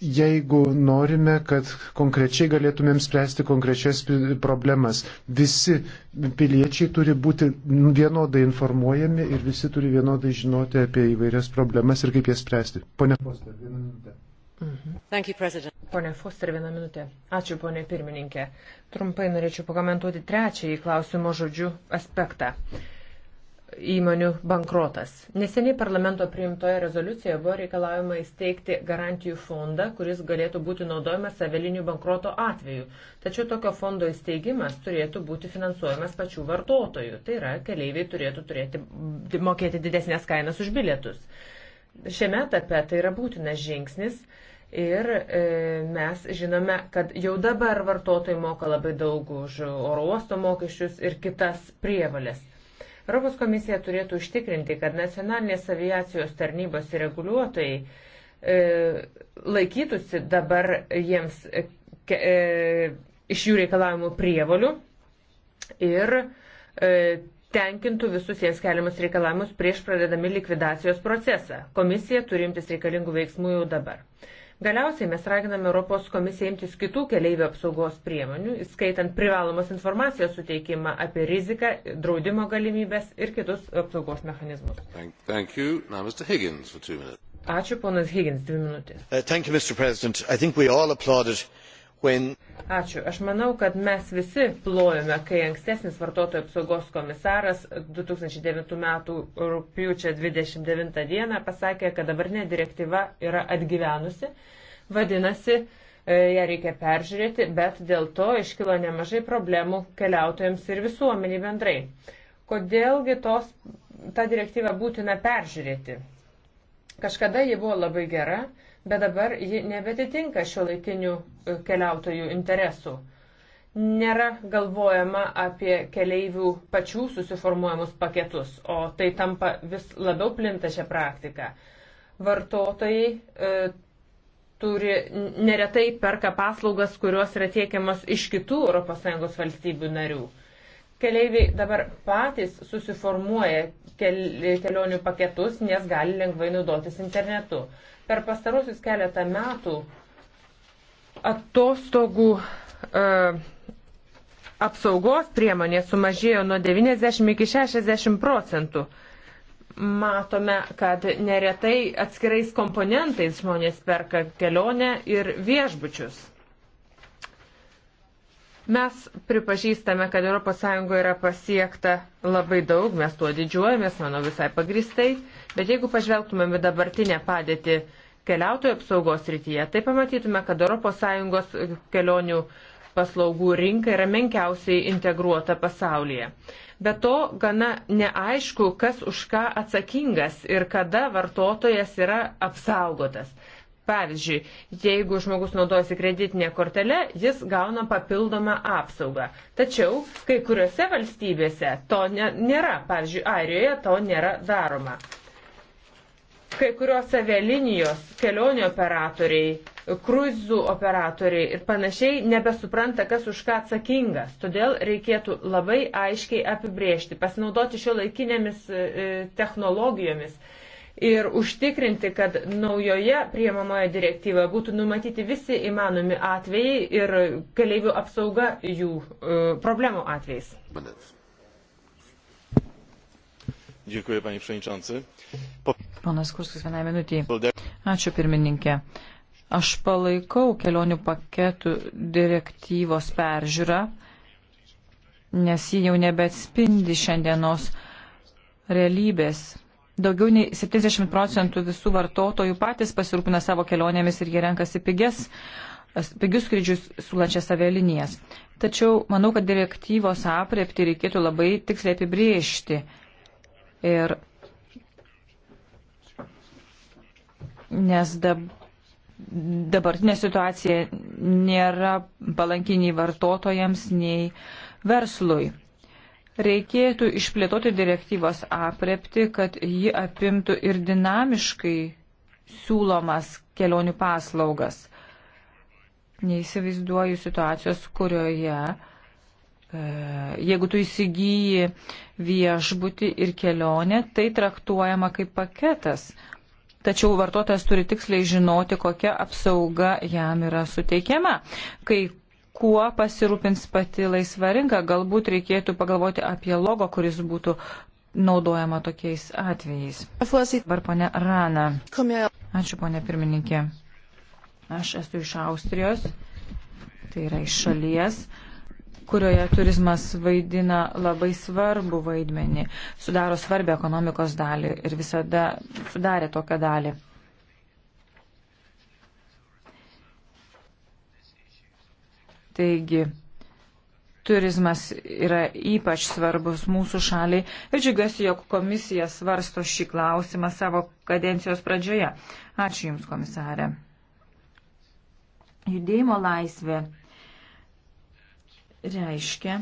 jeigu norime, kad konkrečiai galėtumėm spręsti konkrečias problemas. Visi piliečiai turi būti vienodai informuojami ir visi turi vienodai žinoti apie įvairias problemas ir kaip jas spręsti. Pone Foster, vieną minutę. Mhm. You,
pone Foster, vieną minutę. Ačiū, ponė pirmininkė. Trumpai norėčiau pakomentuoti trečiąjį klausimo žodžių aspektą. Uh, įmonių bankrotas. Neseniai parlamento priimtoje rezoliucijoje buvo reikalaujama įsteigti garantijų fondą, kuris galėtų būti naudojamas avelinių bankroto atveju. Tačiau tokio fondo įsteigimas turėtų būti finansuojamas pačių vartotojų. Tai yra, keleiviai turėtų turėti, mokėti didesnės kainas už bilietus. Šiame etape tai yra būtinas žingsnis. Ir e, mes žinome, kad jau dabar vartotojai moka labai daug už oro uosto mokesčius ir kitas prievalės. Europos komisija turėtų užtikrinti, kad nacionalinės aviacijos tarnybos ir reguliuotojai e, laikytųsi dabar jiems e, e, iš jų reikalavimų prievalių ir e, tenkintų visus jiems keliamus reikalavimus prieš pradedami likvidacijos procesą. Komisija turimtis reikalingų veiksmų jau dabar. Galiausiai mes raginame Europos komisiją imtis kitų keleivių apsaugos priemonių, įskaitant privalomos informacijos suteikimą apie riziką, draudimo galimybės ir kitus apsaugos mechanizmus.
Thank, thank you. Now, Mr. Higgins,
Ačiū, ponas Higgins, dvi minutės.
Uh, when
Ačiū. Aš manau, kad mes visi plojome, kai ankstesnis vartotojų apsaugos komisaras 2009 m. rūpiučio 29 d. pasakė, kad dabartinė direktyva yra atgyvenusi, vadinasi, e, ją reikia peržiūrėti, bet dėl to iškilo nemažai problemų keliautojams ir visuomeniai bendrai. Kodėlgi tos, tą direktyvą būtina peržiūrėti? Kažkada ji buvo labai gera, bet dabar ji nebetitinka šio laikinių e, keliautojų interesų. Nėra galvojama apie keleivių pačių susiformuojamus paketus, o tai tampa vis labiau plintašią praktiką. Vartotojai e, turi neretai perka paslaugas, kurios yra tiekiamos iš kitų ES valstybių narių. Keleiviai dabar patys susiformuoja kel, kelionių paketus, nes gali lengvai naudotis internetu. Per pastarosius keletą metų atostogų uh, apsaugos priemonės sumažėjo nuo 90 iki 60 procentų. Matome, kad neretai atskirais komponentais žmonės perka kelionę ir
viešbučius.
Mes pripažįstame, kad ES yra pasiekta labai daug, mes tuo didžiuojamės, manau, visai pagristai, bet jeigu pažvelgtumėm į dabartinę padėtį keliautojų apsaugos rytyje, tai pamatytume, kad ES kelionių paslaugų rinka yra menkiausiai integruota pasaulyje. Be to, gana neaišku, kas už ką atsakingas ir kada vartotojas yra apsaugotas. Pavyzdžiui, jeigu žmogus naudojasi kreditinė kortelė, jis gauna papildomą apsaugą. Tačiau kai kuriuose valstybėse to ne, nėra. Pavyzdžiui, Airijoje to nėra daroma. Kai kurios avialinijos, kelionių operatoriai, kruizų operatoriai ir panašiai nebesupranta, kas už ką atsakingas. Todėl reikėtų labai aiškiai apibriežti, pasinaudoti šio laikinėmis e, e, technologijomis ir užtikrinti, kad naujoje priemamoje direktyvoje būtų numatyti visi įmanomi atvejai ir keleivių apsauga jų e, problemų atvejais.
Dėkuoju, panie Pšeničiansi. Po...
Ponas Kurskas, vieną minutį. Ačiū, pirmininkė. Aš palaikau kelionių paketų direktyvos peržiūrą, nes ji jau nebetspindi šiandienos realybės Daugiau nei 70 procentų visų vartotojų patys pasirūpina savo kelionėmis ir jie renkasi pigias, pigius skrydžius sulančias avialinijas. Tačiau manau, kad direktyvos apriepti reikėtų labai tiksliai apibriežti. Ir nes dabar dabartinė situacija nėra palanki nei vartotojams, nei verslui reikėtų išplėtoti direktyvos aprepti, kad ji apimtų ir dinamiškai siūlomas kelionių paslaugas. Neįsivaizduoju situacijos, kurioje, e, jeigu tu įsigyji viešbutį ir kelionę, tai traktuojama kaip paketas. Tačiau vartotojas turi tiksliai žinoti, kokia apsauga jam yra suteikiama. Kai kuo pasirūpins pati laisva rinka. Galbūt reikėtų pagalvoti apie logo, kuris būtų naudojama tokiais atvejais. Dabar ponė Rana. Ačiū ponė pirmininkė. Aš esu iš Austrijos, tai yra iš šalies kurioje turizmas vaidina labai svarbų vaidmenį, sudaro svarbę ekonomikos dalį ir visada sudarė tokią dalį. Taigi, turizmas yra ypač svarbus mūsų šaliai ir džiugiuosi, jog komisija svarsto šį klausimą savo kadencijos pradžioje. Ačiū Jums, komisarė. Judėjimo laisvė reiškia,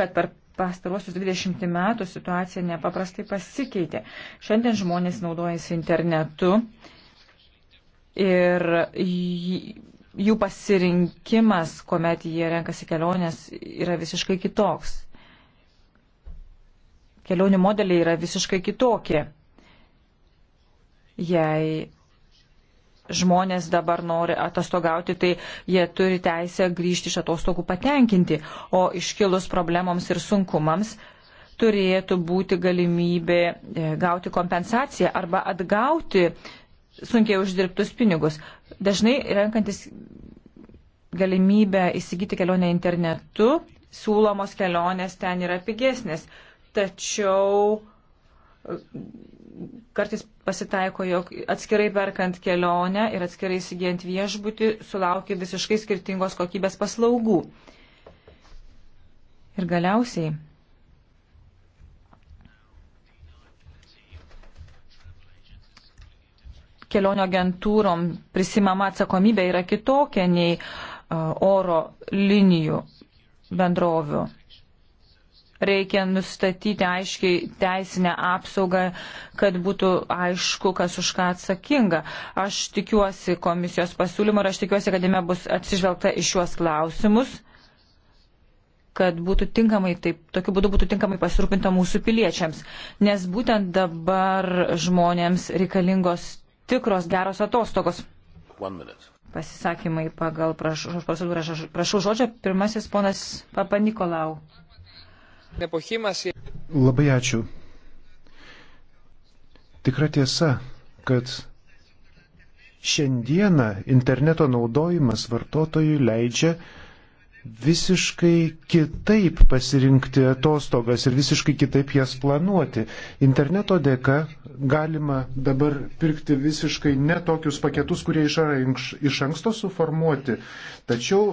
kad per pastaruosius 20 metų situacija nepaprastai pasikeitė. Šiandien žmonės naudojasi internetu ir jų pasirinkimas, kuomet jie renkasi kelionės, yra visiškai kitoks. Kelionių modeliai yra visiškai kitokie. Jei žmonės dabar nori atostogauti, tai jie turi teisę grįžti iš atostogų patenkinti, o iškilus problemams ir sunkumams turėtų būti galimybė e, gauti kompensaciją arba atgauti uh, sunkiai uždirbtus pinigus. Dažnai renkantis galimybę įsigyti kelionę internetu, siūlomos kelionės ten yra pigesnės. Tačiau e, kartais pasitaiko, jog atskirai perkant kelionę ir atskirai įsigijant viešbutį sulaukia visiškai skirtingos kokybės paslaugų. Ir galiausiai kelionio agentūrom prisimama atsakomybė yra kitokia nei e, oro linijų bendrovių. Reikia nustatyti aiškiai teisinę apsaugą, kad būtų aišku, kas už ką atsakinga. Aš tikiuosi komisijos pasiūlymą ir aš tikiuosi, kad jame bus atsižvelgta iš juos klausimus kad būtų tinkamai, taip, tokiu būdu būtų tinkamai pasirūpinta mūsų piliečiams, nes būtent dabar žmonėms reikalingos tikros geros atostogos. Pasisakymai pagal prašau, prašau, prašau žodžio. Pirmasis ponas Papa Nikolau. Labai
ačiū. Tikra tiesa, kad šiandieną interneto naudojimas vartotojui leidžia visiškai kitaip pasirinkti atostogas ir visiškai kitaip jas planuoti. Interneto dėka galima dabar pirkti visiškai netokius paketus, kurie iš anksto suformuoti, tačiau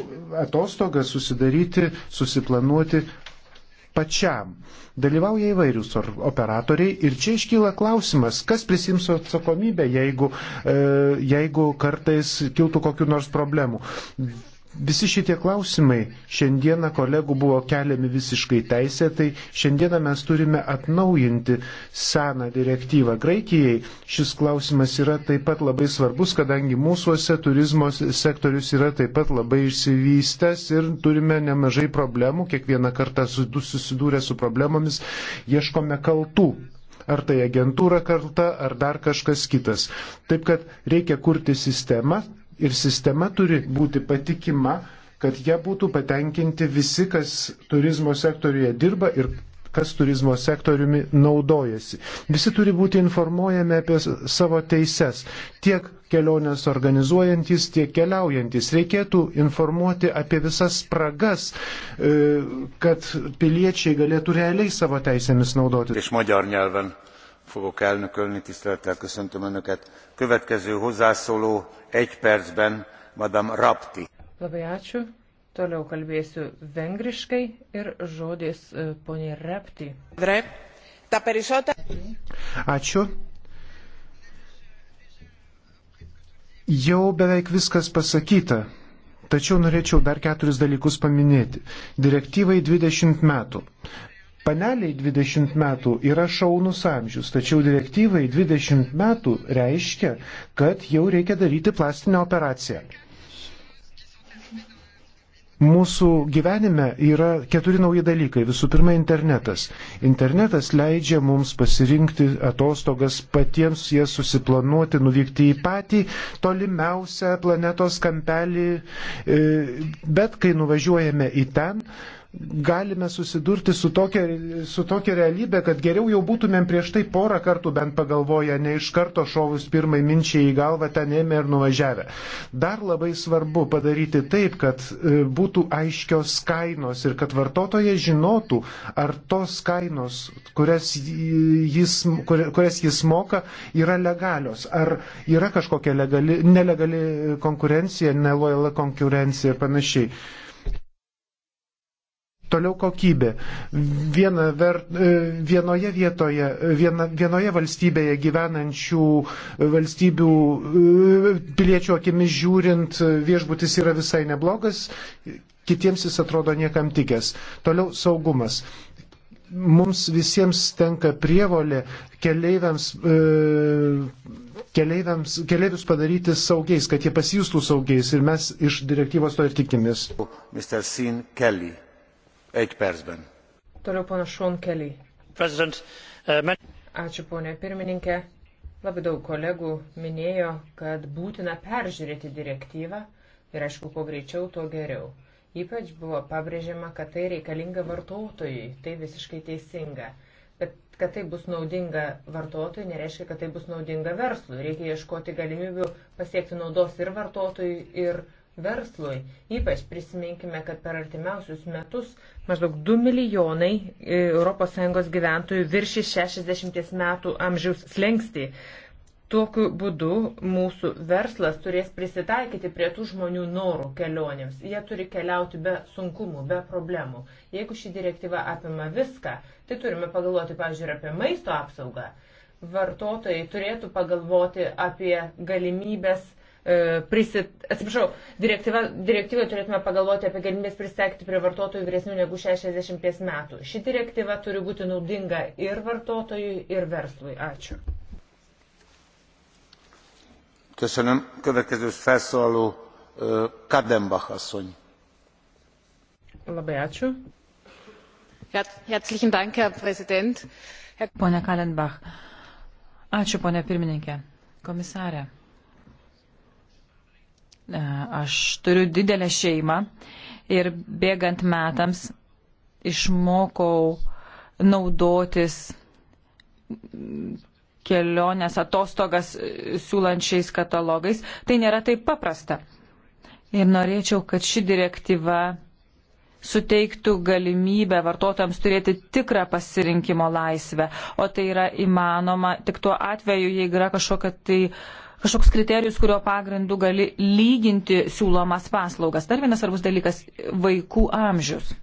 atostogas susidaryti, susiplanuoti pačiam. Dalyvauja įvairius operatoriai ir čia iškyla klausimas, kas prisims atsakomybę, jeigu, e, jeigu kartais kiltų kokiu nors problemu. Visi šitie klausimai šiandieną kolegų buvo keliami visiškai teisė, tai šiandieną mes turime atnaujinti seną direktyvą. Graikijai šis klausimas yra taip pat labai svarbus, kadangi mūsųose turizmo sektorius yra taip pat labai išsivystęs ir turime nemažai problemų, kiekvieną kartą susidūrę su problemomis ieškome kaltų ar tai agentūra karta, ar dar kažkas kitas. Taip kad reikia kurti sistemą, ir sistema turi būti patikima, kad jie būtų patenkinti visi, kas turizmo sektoriuje dirba ir kas turizmo sektoriumi naudojasi. Visi turi būti informuojami apie savo teises. Tiek keliones organizuojantis, tiek keliaujantis. Reikėtų informuoti apie visas spragas, e, kad piliečiai galėtų realiai savo teisėmis naudoti.
Iš magyar nyelven fogok elnökölni tisztelettel köszöntöm önöket. következő hozzászóló egy percben madame rapti.
labai ačiū toliau kalbėsiu vengriškai ir žodis e, poniai rapti.
ačiū. Jau beveik viskas pasakyta, tačiau norėčiau dar keturis dalykus paminėti. Direktyvai 20 metų. Paneliai 20 metų yra šaunus amžius, tačiau direktyvai 20 metų reiškia, kad jau reikia daryti plastinę operaciją. Mūsų gyvenime yra keturi nauji dalykai. Visų pirma, internetas. Internetas leidžia mums pasirinkti atostogas, patiems jas susiplanuoti, nuvykti į patį tolimiausią planetos kampelį, e, bet kai nuvažiuojame į ten, galime susidurti su tokia, su tokia realybė, kad geriau jau būtumėm prieš tai porą kartų bent pagalvoję, ne iš karto šovus pirmai minčiai į galvą ten ėmė ir nuvažiavę. Dar labai svarbu padaryti taip, kad e, būtų aiškios kainos ir kad vartotojai žinotų, ar tos kainos, kurias jis, kur, kurias jis moka, yra legalios, ar yra kažkokia legali, nelegali konkurencija, nelojala konkurencija ir panašiai. Toliau kokybė. Viena ver, e, vienoje vietoje, viena, vienoje valstybėje gyvenančių e, valstybių e, piliečių akimis žiūrint viešbutis yra visai neblogas, kitiems jis atrodo niekam tikęs. Toliau saugumas. Mums visiems tenka prievolė keleiviams, keleiviams, keleivius padaryti saugiais, kad jie pasijūstų saugiais ir mes iš direktyvos to ir tikimės.
Mr.
Sin Kelly.
Toliau pana Šonkelį.
Uh,
Ačiū ponė pirmininkė. Labai daug kolegų minėjo, kad būtina peržiūrėti direktyvą ir aišku, kuo greičiau, tuo geriau. Ypač buvo pabrėžiama, kad tai reikalinga vartotojui, tai visiškai teisinga. Bet kad tai bus naudinga vartotojui, nereiškia, kad tai bus naudinga verslui. Reikia ieškoti galimybių pasiekti naudos ir vartotojui, ir verslui. Ypač prisiminkime, kad per artimiausius metus maždaug 2 milijonai e, ES gyventojų virši 60 metų amžiaus slengsti. Tokiu būdu mūsų verslas turės prisitaikyti prie tų žmonių norų kelionėms. Jie turi keliauti be sunkumų, be problemų. Jeigu ši direktyva apima viską, tai turime pagalvoti, pavyzdžiui, apie maisto apsaugą. Vartotojai turėtų pagalvoti apie galimybės E, prisit... Atsiprašau, direktyvai turėtume pagalvoti apie galimybės pristeikti prie vartotojų vyresnių negu 60 metų. Ši direktyva turi būti naudinga ir vartotojui, ir verslui. Ačiū.
Köszönöm. Következő felszólaló e, Kadenbach asszony.
Labai ačiū. Herzlichen Dank, Herr Präsident.
Herr... Pone Kadenbach. Ačiū, pone pirmininkė. Komisarė. E, aš turiu didelę šeimą ir bėgant metams išmokau naudotis kelionės atostogas siūlančiais katalogais. Tai nėra taip paprasta. Ir norėčiau, kad ši direktyva suteiktų galimybę vartotojams turėti tikrą pasirinkimo laisvę, o tai yra įmanoma tik tuo atveju, jeigu yra kažkokia tai uh, kažkoks kriterijus, kurio pagrindu gali lyginti siūlomas paslaugas. Dar vienas svarbus dalykas - vaikų amžius.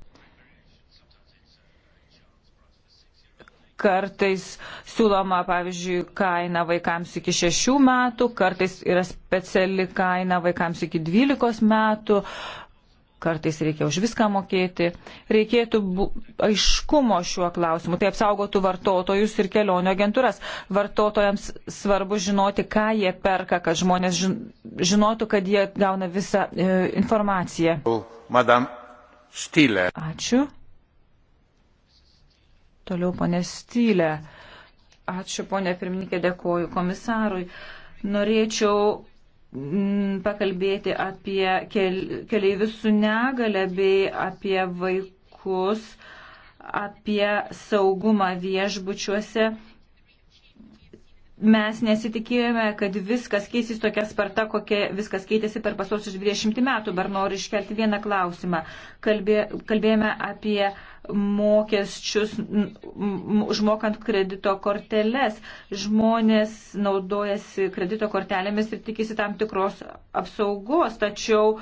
Kartais siūloma, pavyzdžiui, kaina vaikams iki 6 metų, kartais yra speciali kaina vaikams iki 12 metų. Uh, kartais reikia už viską mokėti. Reikėtų aiškumo šiuo klausimu, tai apsaugotų vartotojus ir kelionių agentūras. Vartotojams svarbu žinoti, ką jie perka, kad žmonės žinotų, kad jie gauna visą e, informaciją.
Madam Stylė.
Ačiū. Toliau ponė Stylė. Ačiū ponė pirmininkė, dėkoju komisarui. Norėčiau Mm, pakalbėti apie keleivius su negale bei apie vaikus, apie saugumą viešbučiuose. Mes nesitikėjome, kad viskas keisys tokia sparta, kokia viskas keitėsi per pasosius 20 metų. Bar noriu iškelti vieną klausimą. Kalbė, kalbėjome apie mokesčius, užmokant kredito korteles. Žmonės naudojasi kredito kortelėmis ir tikisi tam tikros apsaugos, tačiau e,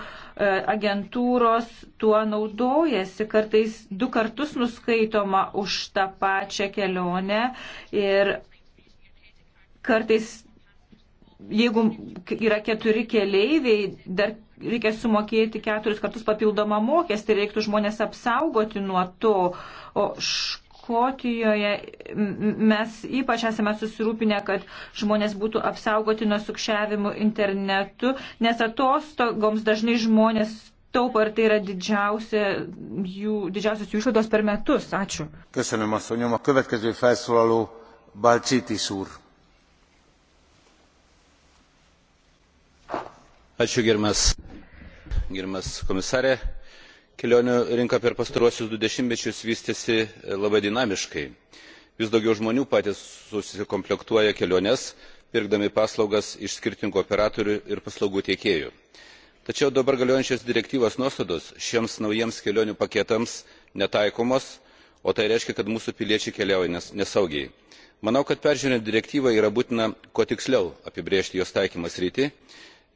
agentūros tuo naudojasi, kartais du kartus nuskaitoma už tą pačią kelionę ir kartais jeigu yra keturi keleiviai, dar reikia sumokėti keturis kartus papildomą mokestį, reiktų žmonės apsaugoti nuo to. O Škotijoje mes ypač esame susirūpinę, kad žmonės būtų apsaugoti nuo sukčiavimų internetu, nes atostogoms dažnai žmonės taupo ir tai yra didžiausia jų, didžiausios jų išlaidos per metus. Ačiū.
Köszönöm, asszonyom. A következő felszólaló Balcsitis úr. Ačiū gerbiamas, gerbiamas komisarė. Kelionių rinka per pastaruosius du dešimtmečius vystėsi e, labai dinamiškai. Vis daugiau žmonių patys susikomplektuoja keliones, pirkdami paslaugas iš skirtingų operatorių ir paslaugų tiekėjų. Tačiau dabar galiojančios direktyvos nuostatos šiems naujiems kelionių paketams netaikomos, o tai reiškia, kad mūsų piliečiai keliauja nesaugiai. Manau, kad peržiūrint direktyvą yra būtina kuo tiksliau apibriežti jos taikymas rytį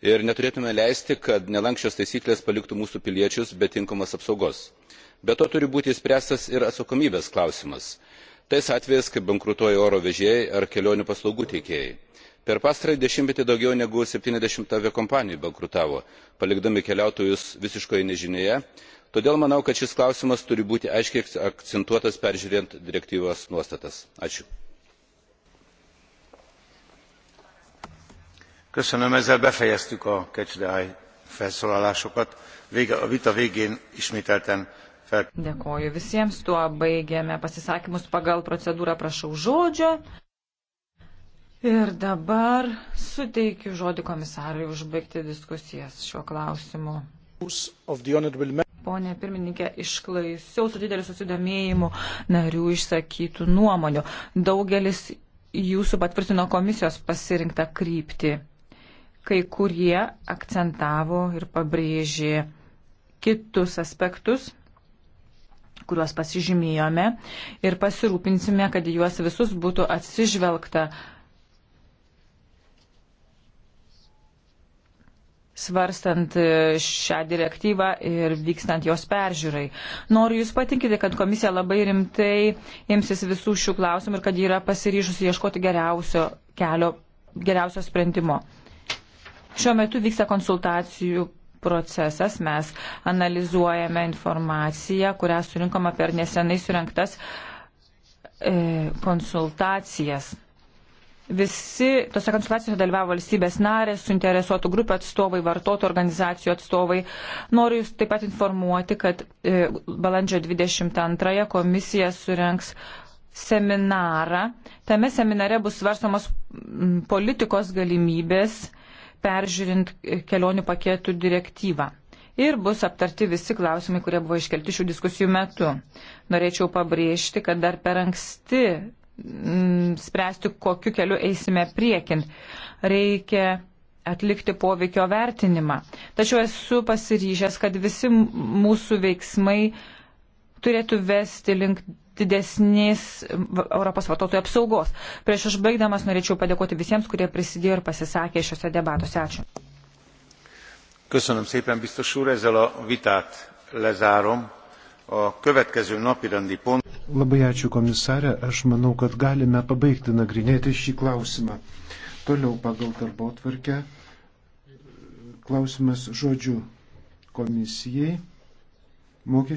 ir neturėtume leisti kad nelanksčios taisyklės paliktų mūsų piliečius be tinkamos apsaugos. be to turi būti išspręstas ir atsakomybės klausimas tais atvejais kai bankrutuoja oro vežėjai ar kelionių paslaugų teikėjai. per pastarąjį dešimtmetį daugiau negu septyniasdešimt aviakompanijų bankrutavo palikdami keliautojus visiškoje nežinioje todėl manau kad šis klausimas turi būti aiškiai akcentuotas peržiūrint direktyvos nuostatas. ačiū. Köszönöm, ezzel befejeztük a kecsdeáj felszólalásokat. Vége, a vita végén ismételten fel.
Dėkoju visiems, tuo baigėme pasisakymus pagal procedūrą prašau žodžio. Ir dabar suteikiu žodį komisarui užbaigti diskusijas šiuo klausimu. Pone pirmininkė, išklausiau su dideliu susidomėjimu narių išsakytų nuomonių. Daugelis jūsų patvirtino komisijos pasirinktą kryptį kai kurie akcentavo ir pabrėžė kitus aspektus, kuriuos pasižymėjome ir pasirūpinsime, kad juos visus būtų atsižvelgta svarstant šią direktyvą ir vykstant jos peržiūrai. Noriu Jūs patikinti, kad komisija labai rimtai imsis visų šių klausimų ir kad ji yra pasiryžusi ieškoti geriausio kelio, geriausio sprendimo. Šiuo metu vyksta konsultacijų procesas, mes analizuojame informaciją, kurią surinkome per nesenai surinktas e, konsultacijas. Visi tose konsultacijose dalyvavo valstybės narės, suinteresuotų grupių atstovai, vartotojų organizacijų atstovai. Noriu Jūs taip pat informuoti, kad e, balandžio 22 komisija surenks seminarą. Tame seminare bus svarstamos politikos galimybės e, peržiūrint kelionių paketų direktyvą. Ir bus aptarti visi klausimai, kurie buvo iškelti šių diskusijų metu. Norėčiau pabrėžti, kad dar per anksti m, mm, spręsti, kokiu keliu eisime priekin. Reikia atlikti poveikio vertinimą. Tačiau esu pasiryžęs, kad visi mūsų veiksmai turėtų vesti link didesnės Europos vartotojų apsaugos. Prieš užbaigdamas norėčiau padėkoti visiems, kurie prisidėjo ir pasisakė šiuose debatuose. Ačiū.
Köszönöm szépen, biztos úr, ezzel a vitát lezárom.
A következő napirendi pont.
Labai ačiū komisarė, aš manau, kad galime pabaigti nagrinėti šį klausimą. Toliau pagal darbo tvarkę
klausimas žodžių komisijai mokesčių.